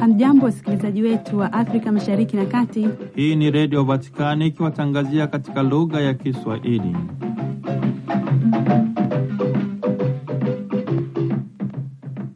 Hamjambo, wasikilizaji wetu wa Afrika mashariki na kati. Hii ni Redio Vatikani ikiwatangazia katika lugha ya Kiswahili.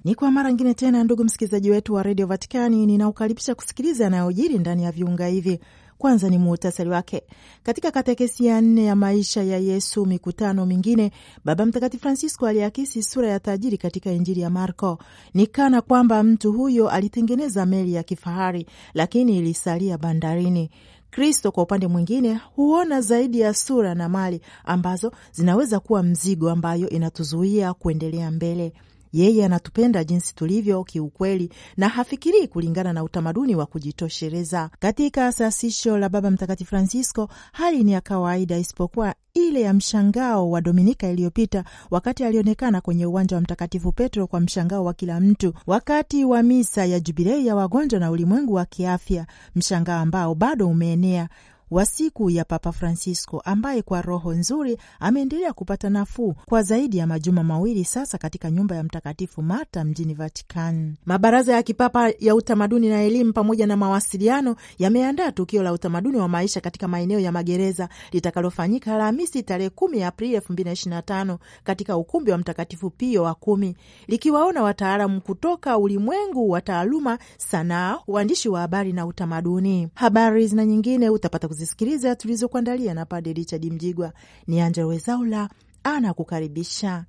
Ni kwa mara ngine tena, ndugu msikilizaji wetu wa Redio Vatikani, ninaukaribisha kusikiliza yanayojiri ndani ya viunga hivi kwanza ni muhtasari wake. Katika katekesi ya nne ya maisha ya Yesu, mikutano mingine, Baba Mtakatifu Francisco aliakisi sura ya tajiri katika Injili ya Marko. Ni kana kwamba mtu huyo alitengeneza meli ya kifahari, lakini ilisalia bandarini. Kristo kwa upande mwingine huona zaidi ya sura na mali ambazo zinaweza kuwa mzigo ambayo inatuzuia kuendelea mbele. Yeye anatupenda jinsi tulivyo kiukweli na hafikirii kulingana na utamaduni wa kujitosheleza. Katika sasisho la Baba Mtakatifu Francisco, hali ni ya kawaida isipokuwa ile ya mshangao wa Dominika iliyopita wakati alionekana kwenye uwanja wa Mtakatifu Petro kwa mshangao wa kila mtu wakati wa misa ya Jubilei ya wagonjwa na ulimwengu wa kiafya, mshangao ambao bado umeenea wa siku ya Papa Francisco ambaye kwa roho nzuri ameendelea kupata nafuu kwa zaidi ya majuma mawili sasa katika nyumba ya Mtakatifu Marta mjini Vatican. Mabaraza ya kipapa ya utamaduni na elimu pamoja na mawasiliano yameandaa tukio la utamaduni wa maisha katika maeneo ya magereza litakalofanyika Alhamisi tarehe kumi Aprili elfu mbili na ishirini na tano katika ukumbi wa Mtakatifu Pio wa kumi likiwaona wataalamu kutoka ulimwengu wa taaluma, sanaa, uandishi wa habari na utamaduni. Habari na nyingine utapata kuzisikiliza tulizokuandalia na Pade Richard Mjigwa. Ni Anja Wezaula anakukaribisha.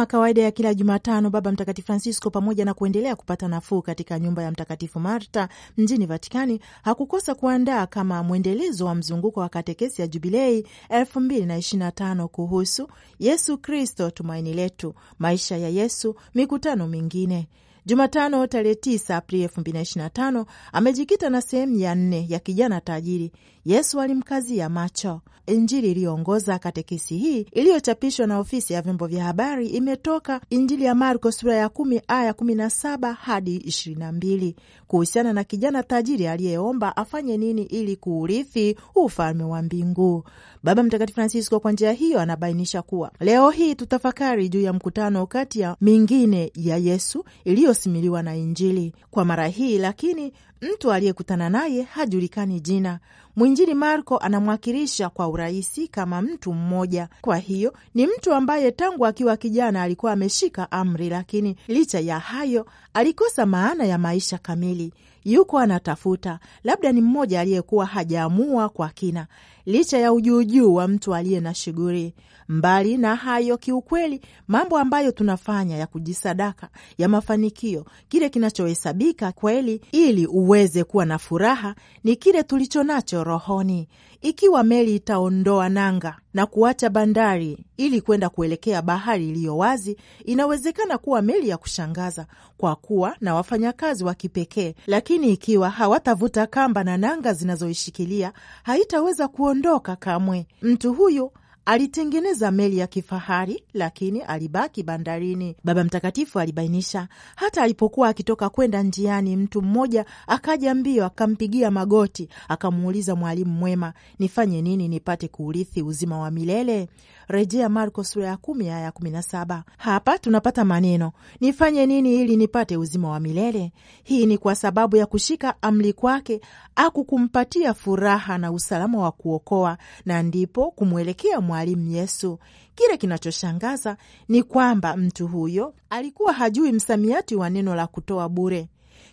kama kawaida ya kila Jumatano, Baba Mtakatifu Francisco, pamoja na kuendelea kupata nafuu katika nyumba ya Mtakatifu Marta mjini Vatikani, hakukosa kuandaa kama mwendelezo wa mzunguko wa katekesi ya Jubilei 2025 kuhusu Yesu Kristo tumaini letu, maisha ya Yesu, mikutano mingine Jumatano tarehe 9 Aprili 2025 amejikita na sehemu ya nne ya kijana tajiri Yesu alimkazia macho. Injili iliyoongoza katekesi hii iliyochapishwa na ofisi ya vyombo vya habari imetoka Injili ya Marko sura ya kumi aya 17 hadi 22, kuhusiana na kijana tajiri aliyeomba afanye nini ili kuurithi ufalme wa mbingu. Baba Mtakatifu Francisco kwa njia hiyo anabainisha kuwa leo hii tutafakari juu ya mkutano kati ya mingine ya Yesu iliyosimiliwa na Injili kwa mara hii, lakini Mtu aliyekutana naye hajulikani jina. Mwinjili Marko anamwakilisha kwa urahisi kama mtu mmoja. Kwa hiyo ni mtu ambaye tangu akiwa kijana alikuwa ameshika amri, lakini licha ya hayo alikosa maana ya maisha kamili yuko anatafuta, labda ni mmoja aliyekuwa hajaamua kwa kina, licha ya ujuujuu wa mtu aliye na shughuli. Mbali na hayo, kiukweli, mambo ambayo tunafanya ya kujisadaka ya mafanikio, kile kinachohesabika kweli, ili uweze kuwa na furaha, ni kile tulicho nacho rohoni ikiwa meli itaondoa nanga na kuacha bandari ili kwenda kuelekea bahari iliyo wazi, inawezekana kuwa meli ya kushangaza kwa kuwa na wafanyakazi wa kipekee, lakini ikiwa hawatavuta kamba na nanga zinazoishikilia, haitaweza kuondoka kamwe. Mtu huyu Alitengeneza meli ya kifahari lakini alibaki bandarini. Baba Mtakatifu alibainisha hata alipokuwa akitoka kwenda njiani, mtu mmoja akaja mbio akampigia magoti akamuuliza, mwalimu mwema, nifanye nini nipate kuurithi uzima wa milele? Rejea Marko sura ya kumi aya ya kumi na saba. Hapa tunapata maneno nifanye nini ili nipate uzima wa milele. Hii ni kwa sababu ya kushika amri kwake, akukumpatia furaha na usalama wa kuokoa, na ndipo kumwelekea mwalimu Yesu. Kile kinachoshangaza ni kwamba mtu huyo alikuwa hajui msamiati wa neno la kutoa bure.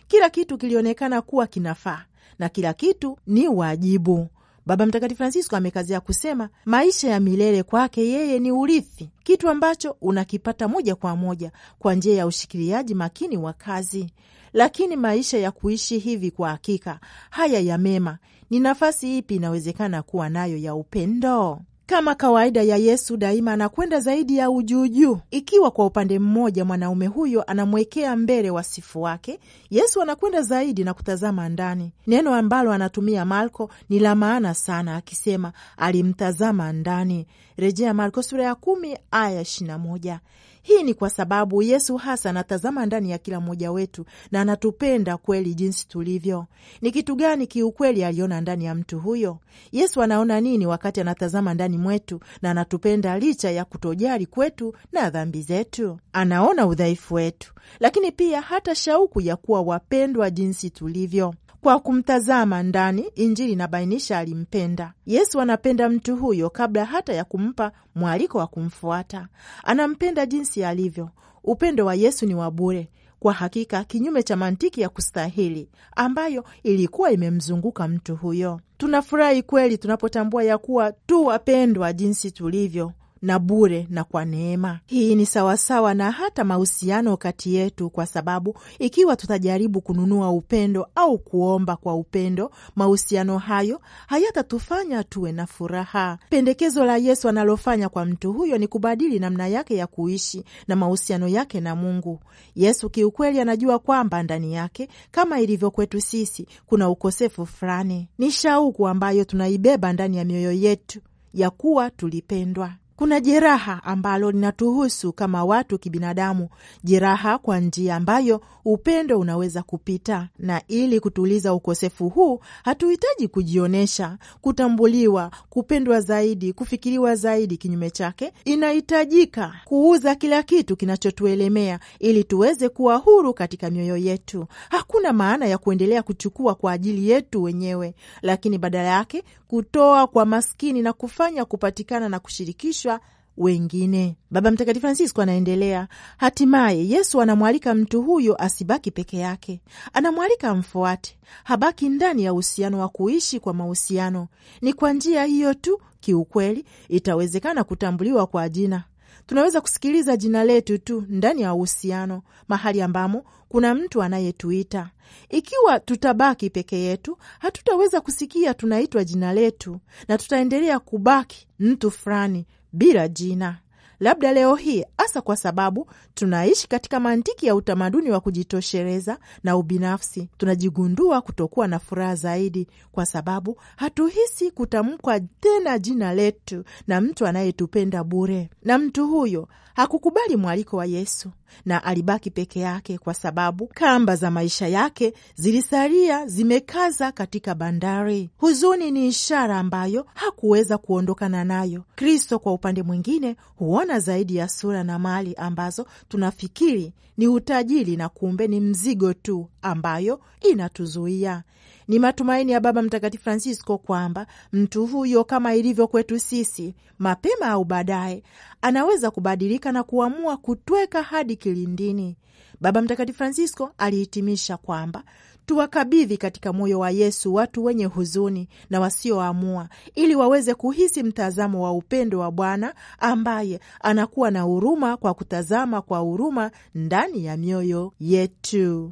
Kila kitu kilionekana kuwa kinafaa na kila kitu ni wajibu. Baba Mtakatifu Francisco amekazia kusema maisha ya milele kwake yeye ni urithi, kitu ambacho unakipata moja kwa moja kwa njia ya ushikiliaji makini wa kazi. Lakini maisha ya kuishi hivi kwa hakika, haya ya mema, ni nafasi ipi inawezekana kuwa nayo ya upendo? Kama kawaida ya Yesu daima anakwenda zaidi ya ujuujuu. Ikiwa kwa upande mmoja mwanaume huyo anamwekea mbele wasifu wake, Yesu anakwenda zaidi na kutazama ndani. Neno ambalo anatumia Marko ni la maana sana, akisema alimtazama ndani, rejea Marko sura ya kumi aya ishirini na moja. Hii ni kwa sababu Yesu hasa anatazama ndani ya kila mmoja wetu na anatupenda kweli jinsi tulivyo. Ni kitu gani kiukweli aliona ndani ya mtu huyo? Yesu anaona nini wakati anatazama ndani maishani mwetu na anatupenda licha ya kutojali kwetu na dhambi zetu. Anaona udhaifu wetu, lakini pia hata shauku ya kuwa wapendwa jinsi tulivyo. Kwa kumtazama ndani, Injili inabainisha alimpenda Yesu. Anapenda mtu huyo kabla hata ya kumpa mwaliko wa kumfuata, anampenda jinsi alivyo. Upendo wa Yesu ni wa bure, kwa hakika kinyume cha mantiki ya kustahili ambayo ilikuwa imemzunguka mtu huyo. Tunafurahi kweli tunapotambua ya kuwa tu wapendwa jinsi tulivyo, na bure na kwa neema. Hii ni sawasawa na hata mahusiano kati yetu, kwa sababu ikiwa tutajaribu kununua upendo au kuomba kwa upendo, mahusiano hayo hayatatufanya tuwe na furaha. Pendekezo la Yesu analofanya kwa mtu huyo ni kubadili namna yake ya kuishi na mahusiano yake na Mungu. Yesu kiukweli anajua kwamba ndani yake, kama ilivyo kwetu sisi, kuna ukosefu fulani. Ni shauku ambayo tunaibeba ndani ya mioyo yetu ya kuwa tulipendwa. Kuna jeraha ambalo linatuhusu kama watu kibinadamu, jeraha kwa njia ambayo upendo unaweza kupita. Na ili kutuliza ukosefu huu, hatuhitaji kujionyesha, kutambuliwa, kupendwa zaidi, kufikiriwa zaidi. Kinyume chake, inahitajika kuuza kila kitu kinachotuelemea ili tuweze kuwa huru katika mioyo yetu. Hakuna maana ya kuendelea kuchukua kwa ajili yetu wenyewe, lakini badala yake kutoa kwa maskini na kufanya kupatikana na kushirikishwa wengine. Baba Mtakatifu Francisco anaendelea, hatimaye Yesu anamwalika mtu huyo asibaki peke yake, anamwalika amfuate, habaki ndani ya uhusiano wa kuishi kwa mahusiano. Ni kwa njia hiyo tu kiukweli itawezekana kutambuliwa kwa jina tunaweza kusikiliza jina letu tu ndani ya uhusiano, mahali ambamo kuna mtu anayetuita. Ikiwa tutabaki peke yetu, hatutaweza kusikia tunaitwa jina letu, na tutaendelea kubaki mtu fulani bila jina labda leo hii, hasa kwa sababu tunaishi katika mantiki ya utamaduni wa kujitoshereza na ubinafsi, tunajigundua kutokuwa na furaha zaidi, kwa sababu hatuhisi kutamkwa tena jina letu na mtu anayetupenda bure. Na mtu huyo hakukubali mwaliko wa Yesu na alibaki peke yake, kwa sababu kamba za maisha yake zilisalia zimekaza katika bandari. Huzuni ni ishara ambayo hakuweza kuondokana nayo. Kristo kwa upande mwingine huona Pana zaidi ya sura na mali ambazo tunafikiri ni utajiri na kumbe ni mzigo tu ambayo inatuzuia. Ni matumaini ya Baba Mtakatifu Francisco kwamba mtu huyo, kama ilivyo kwetu sisi, mapema au baadaye anaweza kubadilika na kuamua kutweka hadi kilindini. Baba Mtakatifu Francisco alihitimisha kwamba tuwakabidhi katika moyo wa Yesu watu wenye huzuni na wasioamua, ili waweze kuhisi mtazamo wa upendo wa Bwana ambaye anakuwa na huruma kwa kutazama kwa huruma ndani ya mioyo yetu.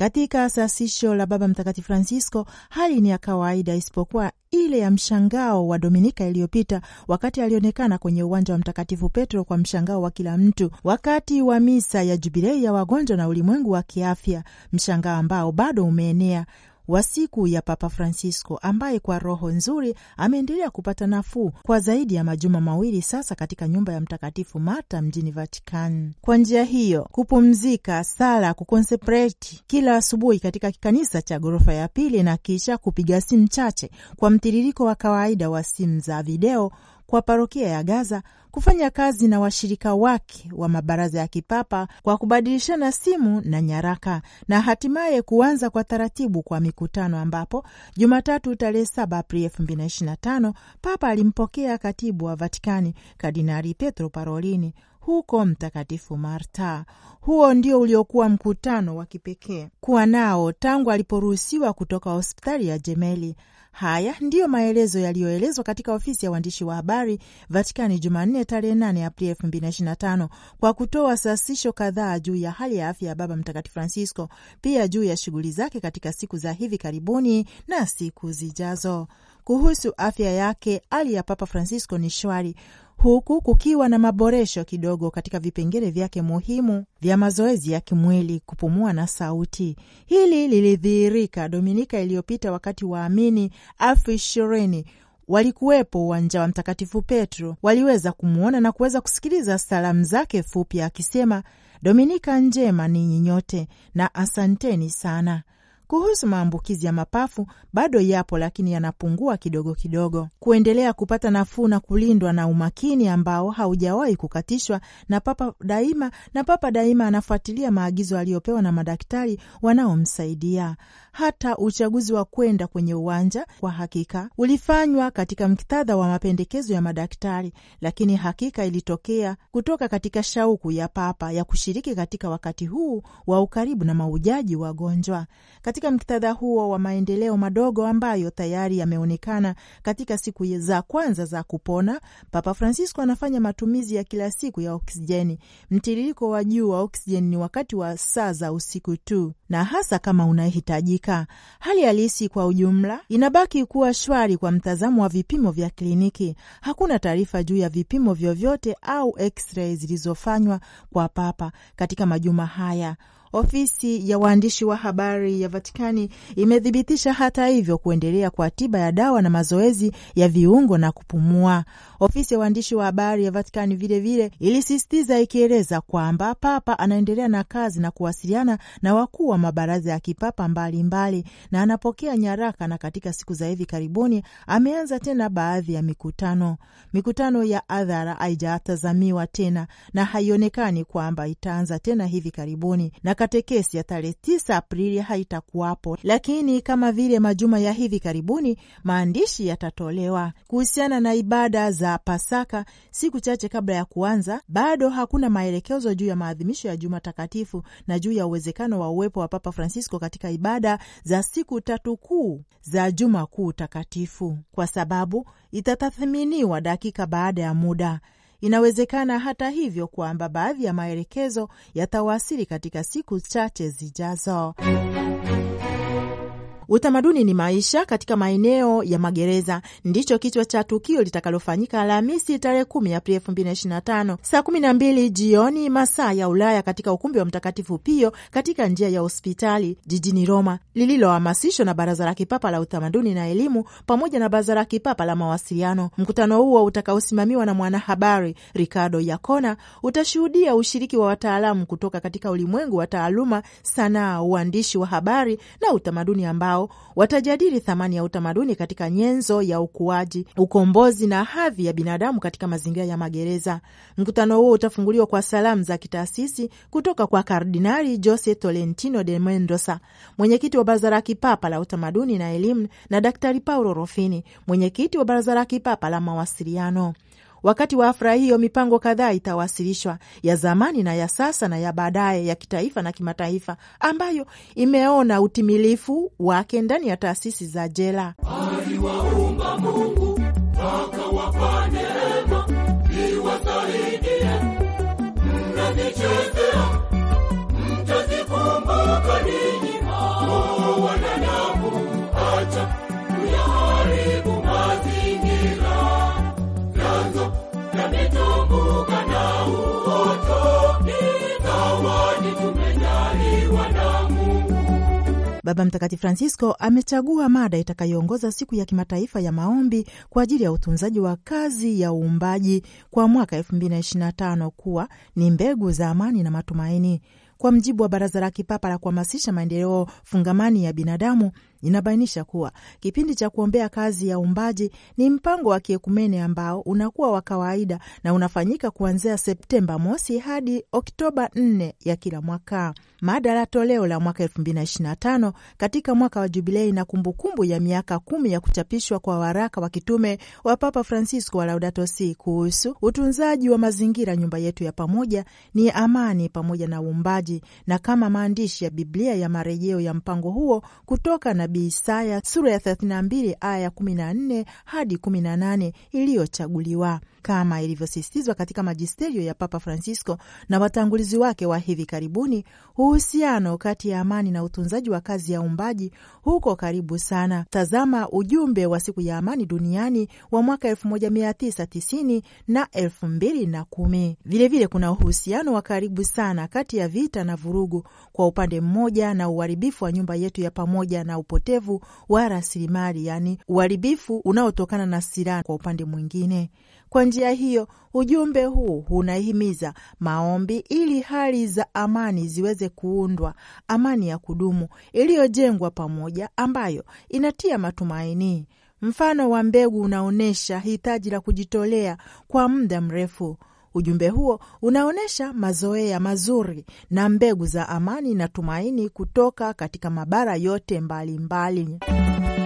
Katika sasisho la Baba Mtakatifu Francisco, hali ni ya kawaida isipokuwa ile ya mshangao wa Dominika iliyopita wakati alionekana kwenye uwanja wa Mtakatifu Petro kwa mshangao wa kila mtu wakati wa misa ya Jubilei ya wagonjwa na ulimwengu wa kiafya, mshangao ambao bado umeenea wa siku ya Papa Francisco ambaye kwa roho nzuri ameendelea kupata nafuu kwa zaidi ya majuma mawili sasa katika nyumba ya Mtakatifu Marta mjini Vatican. Kwa njia hiyo kupumzika, sala, kukonsepreti kila asubuhi katika kikanisa cha ghorofa ya pili na kisha kupiga simu chache kwa mtiririko wa kawaida wa simu za video kwa parokia ya Gaza kufanya kazi na washirika wake wa mabaraza ya kipapa kwa kubadilishana simu na nyaraka na hatimaye kuanza kwa taratibu kwa mikutano, ambapo Jumatatu tarehe 7 Aprili 2025 Papa alimpokea katibu wa Vatikani Kardinali petro Parolini huko Mtakatifu Marta. Huo ndio uliokuwa mkutano wa kipekee kuwa nao tangu aliporuhusiwa kutoka hospitali ya Jemeli Haya ndiyo maelezo yaliyoelezwa katika ofisi ya waandishi wa habari Vatikani Jumanne tarehe 8 Aprili 2025 kwa kutoa sasisho kadhaa juu ya hali ya afya ya Baba Mtakatifu Francisco, pia juu ya shughuli zake katika siku za hivi karibuni na siku zijazo kuhusu afya yake hali ya Papa Francisco ni shwari huku kukiwa na maboresho kidogo katika vipengele vyake muhimu vya mazoezi ya kimwili, kupumua na sauti. Hili lilidhihirika Dominika iliyopita wakati waamini elfu ishirini walikuwepo uwanja wa Mtakatifu Petro waliweza kumwona na kuweza kusikiliza salamu zake fupi akisema, Dominika njema ninyi nyote na asanteni sana. Kuhusu maambukizi ya mapafu bado yapo, lakini yanapungua kidogo kidogo. Kuendelea kupata nafuu na kulindwa na umakini ambao haujawahi kukatishwa na Papa daima, na Papa daima anafuatilia maagizo aliyopewa na madaktari wanaomsaidia. Hata uchaguzi wa kwenda kwenye uwanja kwa hakika ulifanywa katika muktadha wa mapendekezo ya madaktari, lakini hakika ilitokea kutoka katika shauku ya Papa ya kushiriki katika wakati huu wa ukaribu na maujaji wagonjwa katika katika muktadha huo wa maendeleo madogo ambayo tayari yameonekana katika siku za kwanza za kupona, Papa Francisco anafanya matumizi ya kila siku ya oksijeni. Mtiririko wa juu wa oksijeni ni wakati wa saa za usiku tu, na hasa kama unahitajika. Hali halisi kwa ujumla inabaki kuwa shwari kwa mtazamo wa vipimo vya kliniki. Hakuna taarifa juu ya vipimo vyovyote au x-ray zilizofanywa kwa Papa katika majuma haya. Ofisi ya waandishi wa habari ya Vatikani imethibitisha hata hivyo kuendelea kwa tiba ya dawa na mazoezi ya viungo na kupumua. Ofisi ya waandishi wa habari ya Vatikani vilevile ilisisitiza ikieleza kwamba Papa anaendelea na kazi na kuwasiliana na wakuu wa mabaraza ya kipapa mbalimbali mbali, na anapokea nyaraka na katika siku za hivi karibuni ameanza tena baadhi ya mikutano. Mikutano ya hadhara haijatazamiwa tena na haionekani kwamba itaanza tena hivi karibuni na katekesi ya tarehe 9 Aprili haitakuwapo, lakini kama vile majuma ya hivi karibuni maandishi yatatolewa kuhusiana na ibada za Pasaka siku chache kabla ya kuanza. Bado hakuna maelekezo juu ya maadhimisho ya Juma Takatifu na juu ya uwezekano wa uwepo wa Papa Francisco katika ibada za siku tatu kuu za Juma Kuu Takatifu, kwa sababu itatathminiwa dakika baada ya muda. Inawezekana hata hivyo kwamba baadhi ya maelekezo yatawasili katika siku chache zijazo. Utamaduni ni maisha katika maeneo ya magereza, ndicho kichwa cha tukio litakalofanyika Alhamisi tarehe 10 Aprili tano saa kumi na mbili jioni masaa ya Ulaya katika ukumbi wa Mtakatifu Pio katika njia ya hospitali jijini Roma, lililohamasishwa na Baraza la Kipapa la Utamaduni na Elimu pamoja na Baraza la Kipapa la Mawasiliano. Mkutano huo utakaosimamiwa na mwanahabari Ricardo yacona utashuhudia ushiriki wa wataalamu kutoka katika ulimwengu wa taaluma, sanaa, uandishi wa habari na utamaduni ambao hao watajadili thamani ya utamaduni katika nyenzo ya ukuaji, ukombozi na hadhi ya binadamu katika mazingira ya magereza. Mkutano huo utafunguliwa kwa salamu za kitaasisi kutoka kwa Kardinali Jose Tolentino de Mendoza, mwenyekiti wa Baraza la Kipapa la Utamaduni na Elimu, na Daktari Paulo Rofini, mwenyekiti wa Baraza la Kipapa la Mawasiliano. Wakati wa afra hiyo, mipango kadhaa itawasilishwa ya zamani na ya sasa na ya baadaye, ya kitaifa na kimataifa, ambayo imeona utimilifu wake ndani ya taasisi za jela. Aliwaumba Mungu akawafanya Baba Mtakatifu Francisco amechagua mada itakayoongoza siku ya kimataifa ya maombi kwa ajili ya utunzaji wa kazi ya uumbaji kwa mwaka 2025 kuwa ni mbegu za amani na matumaini. Kwa mjibu wa Baraza la Kipapa la Kuhamasisha Maendeleo Fungamani ya Binadamu, inabainisha kuwa kipindi cha kuombea kazi ya uumbaji ni mpango wa kiekumene ambao unakuwa wa kawaida na unafanyika kuanzia Septemba mosi hadi Oktoba 4 ya kila mwaka. Mada la toleo la mwaka 2025 katika mwaka wa jubilei na kumbukumbu ya miaka kumi ya kuchapishwa kwa waraka wa kitume wa Papa Francisco wa Laudato Si kuhusu utunzaji wa mazingira, nyumba yetu ya pamoja ni amani pamoja na uumbaji, na kama maandishi ya Biblia ya marejeo ya mpango huo kutoka nabii Isaya sura ya 32 aya 14 hadi 18 iliyochaguliwa kama ilivyosisitizwa katika majisterio ya Papa Francisco na watangulizi wake wa hivi karibuni, uhusiano kati ya amani na utunzaji wa kazi ya umbaji huko karibu sana. Tazama ujumbe wa siku ya amani duniani wa mwaka 1990 na 2010. Vilevile kuna uhusiano wa karibu sana kati ya vita na vurugu kwa upande mmoja na uharibifu wa nyumba yetu ya pamoja na upotevu wa rasilimali, yaani uharibifu unaotokana na silaha kwa upande mwingine. Kwa njia hiyo, ujumbe huu unahimiza maombi ili hali za amani ziweze kuundwa, amani ya kudumu iliyojengwa pamoja, ambayo inatia matumaini. Mfano wa mbegu unaonyesha hitaji la kujitolea kwa muda mrefu. Ujumbe huo unaonyesha mazoea mazuri na mbegu za amani na tumaini kutoka katika mabara yote mbalimbali mbali.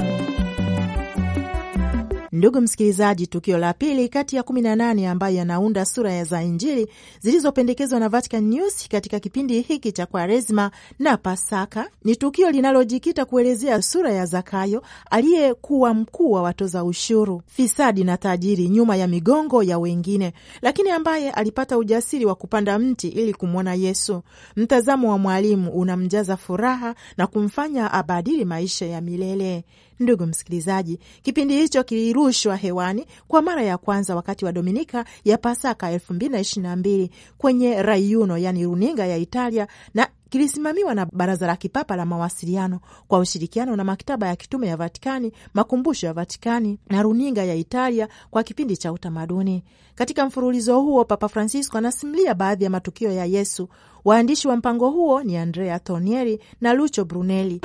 Ndugu msikilizaji, tukio la pili kati ya 18 ambayo yanaunda sura ya za Injili zilizopendekezwa na Vatican News katika kipindi hiki cha Kwaresma na Pasaka ni tukio linalojikita kuelezea sura ya Zakayo aliyekuwa mkuu wa watoza ushuru, fisadi na tajiri, nyuma ya migongo ya wengine, lakini ambaye alipata ujasiri wa kupanda mti ili kumwona Yesu. Mtazamo wa mwalimu unamjaza furaha na kumfanya abadili maisha ya milele. Ndugu msikilizaji, kipindi hicho kilirushwa hewani kwa mara ya kwanza wakati wa Dominika ya Pasaka 222 kwenye Raiuno, yani runinga ya Italia na kilisimamiwa na Baraza la Kipapa la Mawasiliano kwa ushirikiano na Maktaba ya Kitume ya Vatikani, Makumbusho ya Vatikani na Runinga ya Italia kwa kipindi cha utamaduni. Katika mfululizo huo, Papa Francisco anasimulia baadhi ya matukio ya Yesu. Waandishi wa mpango huo ni Andrea Tonieri na lucho Brunelli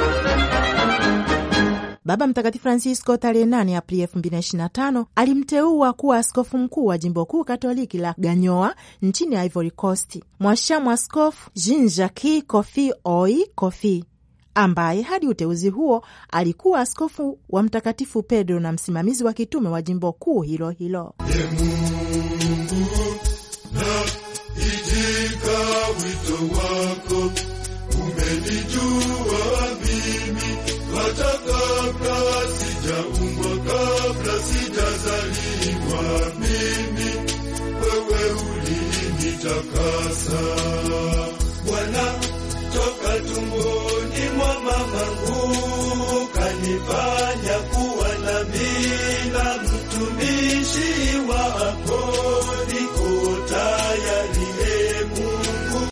Baba Mtakatifu Francisco tarehe 8 Aprili 2025 alimteua kuwa askofu mkuu wa jimbo kuu katoliki la Ganyoa nchini Ivory Coast, mwashamu askofu Jean Jacques Kofi Oi Kofi ambaye hadi uteuzi huo alikuwa askofu wa Mtakatifu Pedro na msimamizi wa kitume wa jimbo kuu hilo hilo. the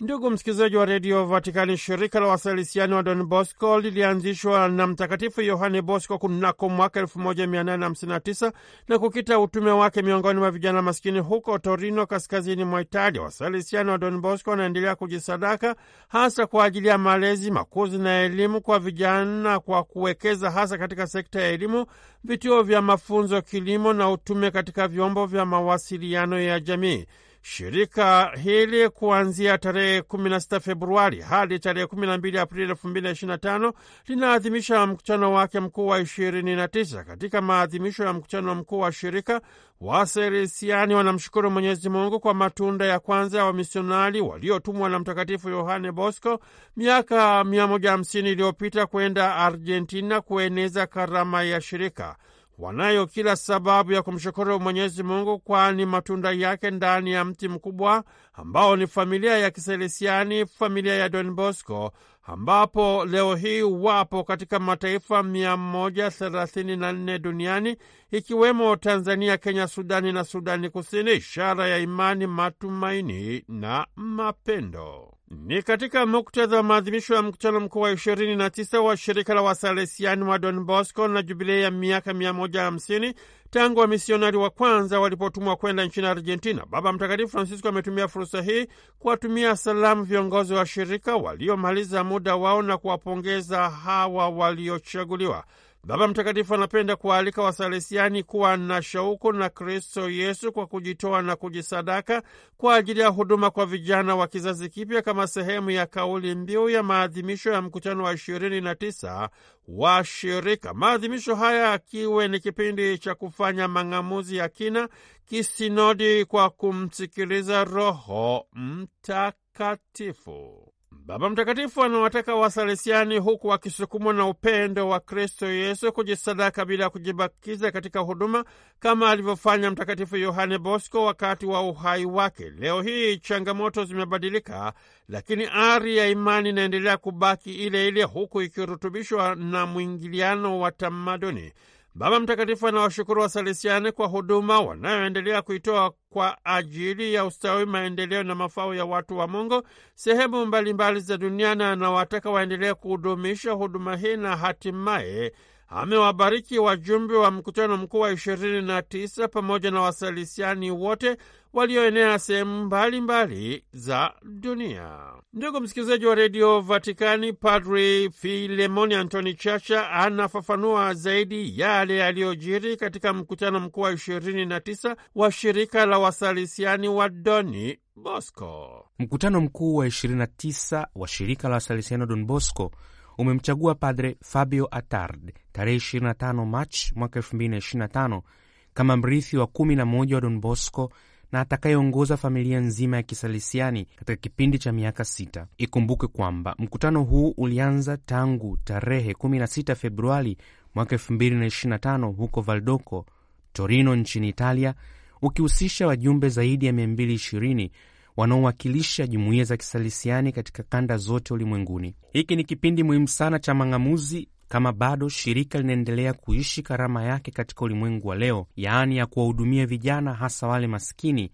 Ndugu msikilizaji wa redio Vatikani, shirika la wasalisiani wa Don Bosco lilianzishwa na Mtakatifu Yohane Bosco kunako mwaka 1859 na kukita utume wake miongoni mwa vijana maskini huko Torino, kaskazini mwa Italia. Wasalisiani wa Don Bosco wanaendelea kujisadaka hasa kwa ajili ya malezi, makuzi na elimu kwa vijana, kwa kuwekeza hasa katika sekta ya elimu, vituo vya mafunzo, kilimo na utume katika vyombo vya mawasiliano ya jamii. Shirika hili kuanzia tarehe 16 Februari hadi tarehe 12 Aprili 2025 linaadhimisha mkutano wake mkuu wa 29. Katika maadhimisho ya mkutano mkuu wa shirika, waseresiani wanamshukuru Mwenyezi Mungu kwa matunda ya kwanza ya wamisionari waliotumwa na Mtakatifu Yohane Bosco miaka 150 iliyopita kwenda Argentina kueneza karama ya shirika wanayo kila sababu ya kumshukuru Mwenyezi Mungu, kwani matunda yake ndani ya mti mkubwa ambao ni familia ya Kiselesiani, familia ya Don Bosco, ambapo leo hii wapo katika mataifa 134 duniani ikiwemo Tanzania, Kenya, Sudani na Sudani Kusini, ishara ya imani, matumaini na mapendo. Ni katika muktadha wa maadhimisho ya mkutano mkuu wa tisa wa shirika la Wasalesiani wa Don Bosco na jubilei ya miaka 150 tangu wamisionari wa kwanza walipotumwa kwenda nchini Argentina. Baba Mtakatifu Francisco ametumia fursa hii kuwatumia salamu viongozi wa shirika waliomaliza muda wao na kuwapongeza hawa waliochaguliwa. Baba Mtakatifu anapenda kuwaalika Wasalesiani kuwa na shauku na Kristo Yesu kwa kujitoa na kujisadaka kwa ajili ya huduma kwa vijana wa kizazi kipya kama sehemu ya kauli mbiu ya maadhimisho ya mkutano wa 29 wa shirika. Maadhimisho haya akiwe ni kipindi cha kufanya mang'amuzi ya kina kisinodi kwa kumsikiliza Roho Mtakatifu. Baba Mtakatifu anawataka Wasalesiani, huku akisukumwa na upendo wa Kristo Yesu, kujisadaka bila kujibakiza katika huduma kama alivyofanya Mtakatifu Yohane Bosco wakati wa uhai wake. Leo hii changamoto zimebadilika, lakini ari ya imani inaendelea kubaki ile ile, huku ikirutubishwa na mwingiliano wa tamaduni. Baba Mtakatifu anawashukuru Wasalesiani kwa huduma wanayoendelea kuitoa kwa ajili ya ustawi, maendeleo na mafao ya watu wa Mungu sehemu mbalimbali za dunia, na anawataka waendelee kudumisha huduma hii na hatimaye amewabariki wajumbe wa mkutano mkuu wa ishirini na tisa pamoja na wasalisiani wote walioenea sehemu mbalimbali za dunia. Ndugu msikilizaji wa redio Vatikani, Padri Filemoni Antoni Chacha anafafanua zaidi yale yaliyojiri katika mkutano mkuu wa ishirini na tisa wa shirika la wasalisiani wa Doni Bosco. Mkutano mkuu wa tisa wa shirika la wasalisiani wa Don Bosco umemchagua Padre Fabio Attard tarehe 25 Machi mwaka 2025 kama mrithi wa 11 wa Don Bosco na atakayeongoza familia nzima ya kisalisiani katika kipindi cha miaka sita. Ikumbuke kwamba mkutano huu ulianza tangu tarehe 16 Februari mwaka 2025 huko valdoco Torino nchini Italia, ukihusisha wajumbe zaidi ya 220 wanaowakilisha jumuiya za kisalisiani katika kanda zote ulimwenguni. Hiki ni kipindi muhimu sana cha mang'amuzi kama bado shirika linaendelea kuishi karama yake katika ulimwengu wa leo, yaani ya kuwahudumia vijana, hasa wale maskini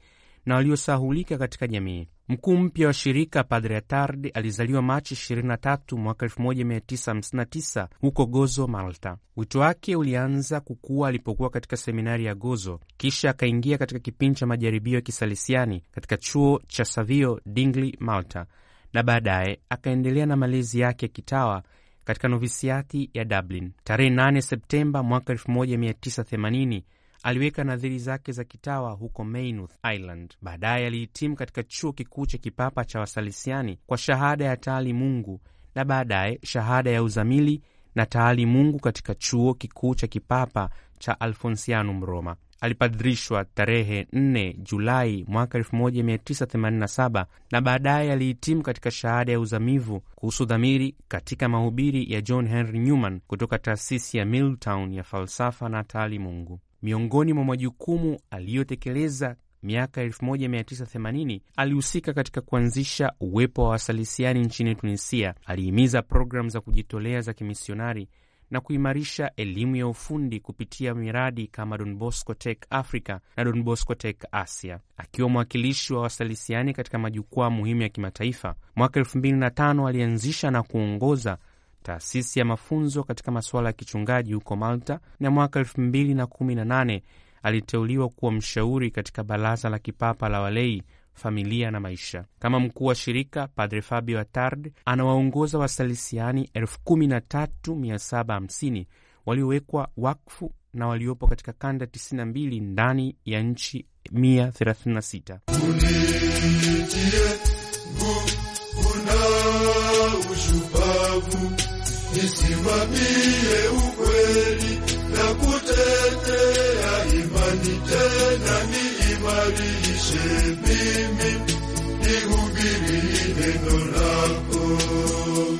na waliosahulika katika jamii. Mkuu mpya wa shirika Padre atard alizaliwa Machi 23 mwaka 1959 huko Gozo, Malta. Wito wake ulianza kukua alipokuwa katika seminari ya Gozo, kisha akaingia katika kipindi cha majaribio ya kisalesiani katika chuo cha Savio Dingli, Malta, na baadaye akaendelea na malezi yake ya kitawa katika novisiati ya Dublin. Tarehe 8 Septemba mwaka 1980 Aliweka nadhiri zake za kitawa huko Maynooth Island. Baadaye alihitimu katika chuo kikuu cha kipapa cha wasalisiani kwa shahada ya taali mungu na baadaye shahada ya uzamili na taali mungu katika chuo kikuu cha kipapa cha Alfonsianum Roma. alipadhirishwa tarehe 4 Julai mwaka 1987 na baadaye alihitimu katika shahada ya uzamivu kuhusu dhamiri katika mahubiri ya John Henry Newman kutoka taasisi ya Milltown ya falsafa na mungu Miongoni mwa majukumu aliyotekeleza miaka 1980 alihusika katika kuanzisha uwepo wa wasalisiani nchini Tunisia. Alihimiza programu za kujitolea za kimisionari na kuimarisha elimu ya ufundi kupitia miradi kama Don Bosco Tech Africa na Don Bosco Tech Asia. Akiwa mwakilishi wa wasalisiani katika majukwaa muhimu ya kimataifa, mwaka 2005 alianzisha na kuongoza taasisi ya mafunzo katika masuala ya kichungaji huko Malta, na mwaka 2018 aliteuliwa kuwa mshauri katika Baraza la Kipapa la Walei, familia na maisha. Kama mkuu wa shirika, Padre Fabio Attard anawaongoza wasalisiani 13750 waliowekwa wakfu na waliopo katika kanda 92 ndani ya nchi 136. usimamie ukweli na kutetea imani, tena niimarishe mimi nihubiri neno lako.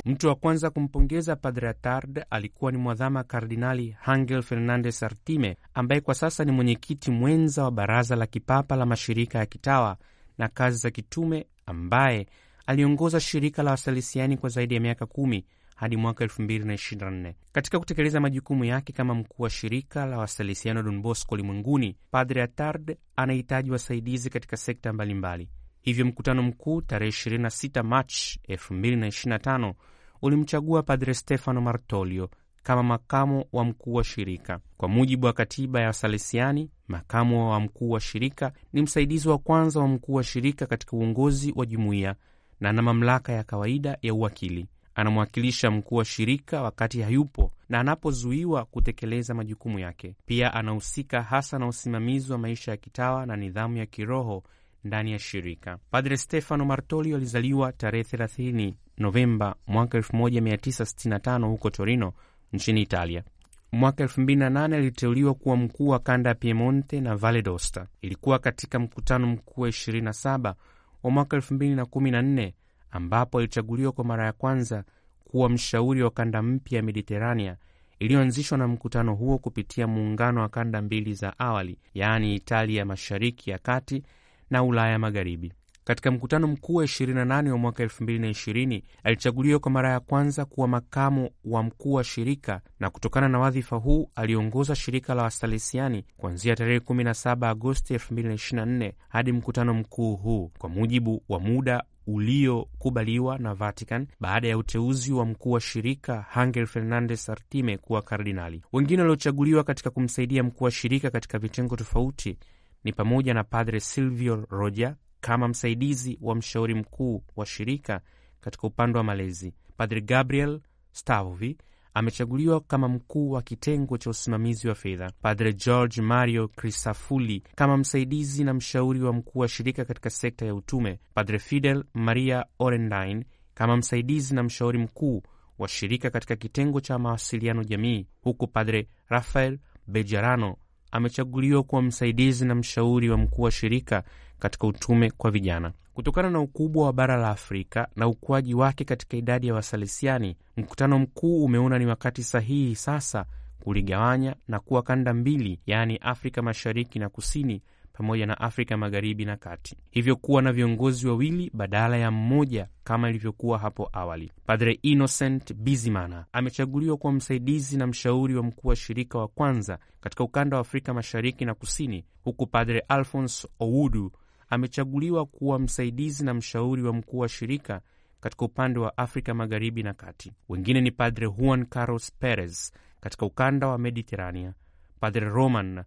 Mtu wa kwanza kumpongeza Padre Attard alikuwa ni mwadhama Kardinali Angel Fernandez Artime, ambaye kwa sasa ni mwenyekiti mwenza wa Baraza la Kipapa la Mashirika ya Kitawa na Kazi za Kitume, ambaye aliongoza shirika la wasalisiani kwa zaidi ya miaka kumi hadi mwaka 2024. Katika kutekeleza majukumu yake kama mkuu wa shirika la Wasalesiano Don Bosco ulimwenguni, Padre Atard anahitaji wasaidizi katika sekta mbalimbali. Hivyo mkutano mkuu tarehe 26 Machi 2025 ulimchagua Padre Stefano Martolio kama makamo wa mkuu wa shirika. Kwa mujibu wa katiba ya Wasalesiani, makamo wa mkuu wa shirika ni msaidizi wa kwanza wa mkuu wa shirika katika uongozi wa jumuiya na na mamlaka ya kawaida ya uwakili anamwakilisha mkuu wa shirika wakati hayupo na anapozuiwa kutekeleza majukumu yake. Pia anahusika hasa na usimamizi wa maisha ya kitawa na nidhamu ya kiroho ndani ya shirika. Padre Stefano Martolio alizaliwa tarehe 30 Novemba mwaka 1965 huko Torino nchini Italia. Mwaka 2008 aliteuliwa kuwa mkuu wa kanda ya Piemonte na Valle d'Aosta. Ilikuwa katika mkutano mkuu wa 27 wa mwaka 2014 ambapo alichaguliwa kwa mara ya kwanza kuwa mshauri wa kanda mpya ya Mediterania iliyoanzishwa na mkutano huo kupitia muungano wa kanda mbili za awali, yaani Italia mashariki ya kati na Ulaya magharibi. Katika mkutano mkuu wa 28 wa mwaka 2020 alichaguliwa kwa mara ya kwanza kuwa makamu wa mkuu wa shirika, na kutokana na wadhifa huu aliongoza shirika la Wasalesiani kuanzia tarehe 17 Agosti 2024 hadi mkutano mkuu huu, kwa mujibu wa muda uliokubaliwa na Vatican baada ya uteuzi wa mkuu wa shirika Angel Fernandez Artime kuwa kardinali. Wengine waliochaguliwa katika kumsaidia mkuu wa shirika katika vitengo tofauti ni pamoja na Padre Silvio Roja kama msaidizi wa mshauri mkuu wa shirika katika upande wa malezi, Padre Gabriel Stavovi amechaguliwa kama mkuu wa kitengo cha usimamizi wa fedha, Padre George Mario Crisafulli kama msaidizi na mshauri wa mkuu wa shirika katika sekta ya utume, Padre Fidel Maria Orendain kama msaidizi na mshauri mkuu wa shirika katika kitengo cha mawasiliano jamii, huku Padre Rafael Bejarano amechaguliwa kuwa msaidizi na mshauri wa mkuu wa shirika katika utume kwa vijana. Kutokana na ukubwa wa bara la Afrika na ukuaji wake katika idadi ya Wasalesiani, mkutano mkuu umeona ni wakati sahihi sasa kuligawanya na kuwa kanda mbili, yaani Afrika Mashariki na Kusini, pamoja na Afrika magharibi na kati, hivyo kuwa na viongozi wawili badala ya mmoja kama ilivyokuwa hapo awali. Padre Innocent Bizimana amechaguliwa kuwa msaidizi na mshauri wa mkuu wa shirika wa kwanza katika ukanda wa Afrika mashariki na kusini, huku Padre Alphonse Oudu amechaguliwa kuwa msaidizi na mshauri wa mkuu wa shirika katika upande wa Afrika magharibi na kati. Wengine ni Padre Juan Carlos Perez katika ukanda wa Mediterania, Padre Roman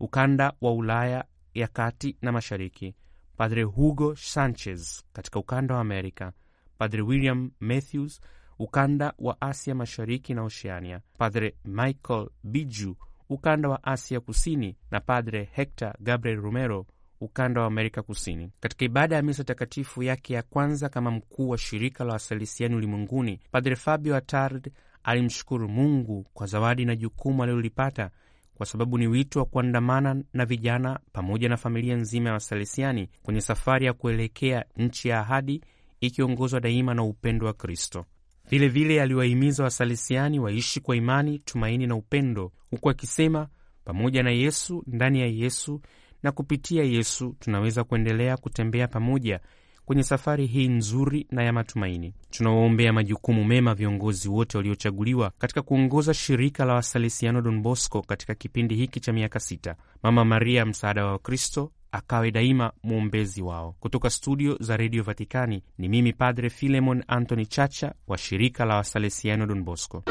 ukanda wa Ulaya ya Kati na Mashariki, Padre Hugo Sanchez katika ukanda wa Amerika, Padre William Matthews ukanda wa Asia Mashariki na Oceania, Padre Michael Biju ukanda wa Asia Kusini na Padre Hector Gabriel Romero ukanda wa Amerika Kusini. Katika ibada ya misa takatifu yake ya kwanza kama mkuu wa shirika la Wasalesiani ulimwenguni, Padre Fabio Attard alimshukuru Mungu kwa zawadi na jukumu alilolipata kwa sababu ni wito wa kuandamana na vijana pamoja na familia nzima ya Wasalesiani kwenye safari ya kuelekea nchi ya ahadi ikiongozwa daima na upendo wa Kristo. Vilevile aliwahimiza Wasalesiani waishi kwa imani, tumaini na upendo, huku akisema pamoja na Yesu, ndani ya Yesu na kupitia Yesu tunaweza kuendelea kutembea pamoja kwenye safari hii nzuri na ya matumaini. Tunawaombea majukumu mema viongozi wote waliochaguliwa katika kuongoza shirika la Wasalesiano Don Bosco katika kipindi hiki cha miaka sita. Mama Maria, msaada wa Wakristo, akawe daima mwombezi wao. Kutoka studio za redio Vatikani ni mimi Padre Filemon Anthony Chacha wa shirika la Wasalesiano Don Bosco.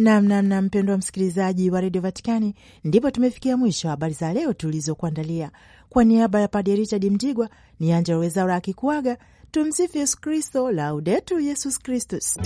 Namnamna mpendwa msikilizaji wa redio Vatikani, ndipo tumefikia mwisho habari za leo tulizokuandalia. Kwa niaba ya Padre Richard Mjigwa ni Anja Wezaura akikuaga. Tumsifu Yesu Kristo, Laudetur Yesus Kristus.